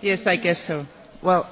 Yes, I guess so. Well,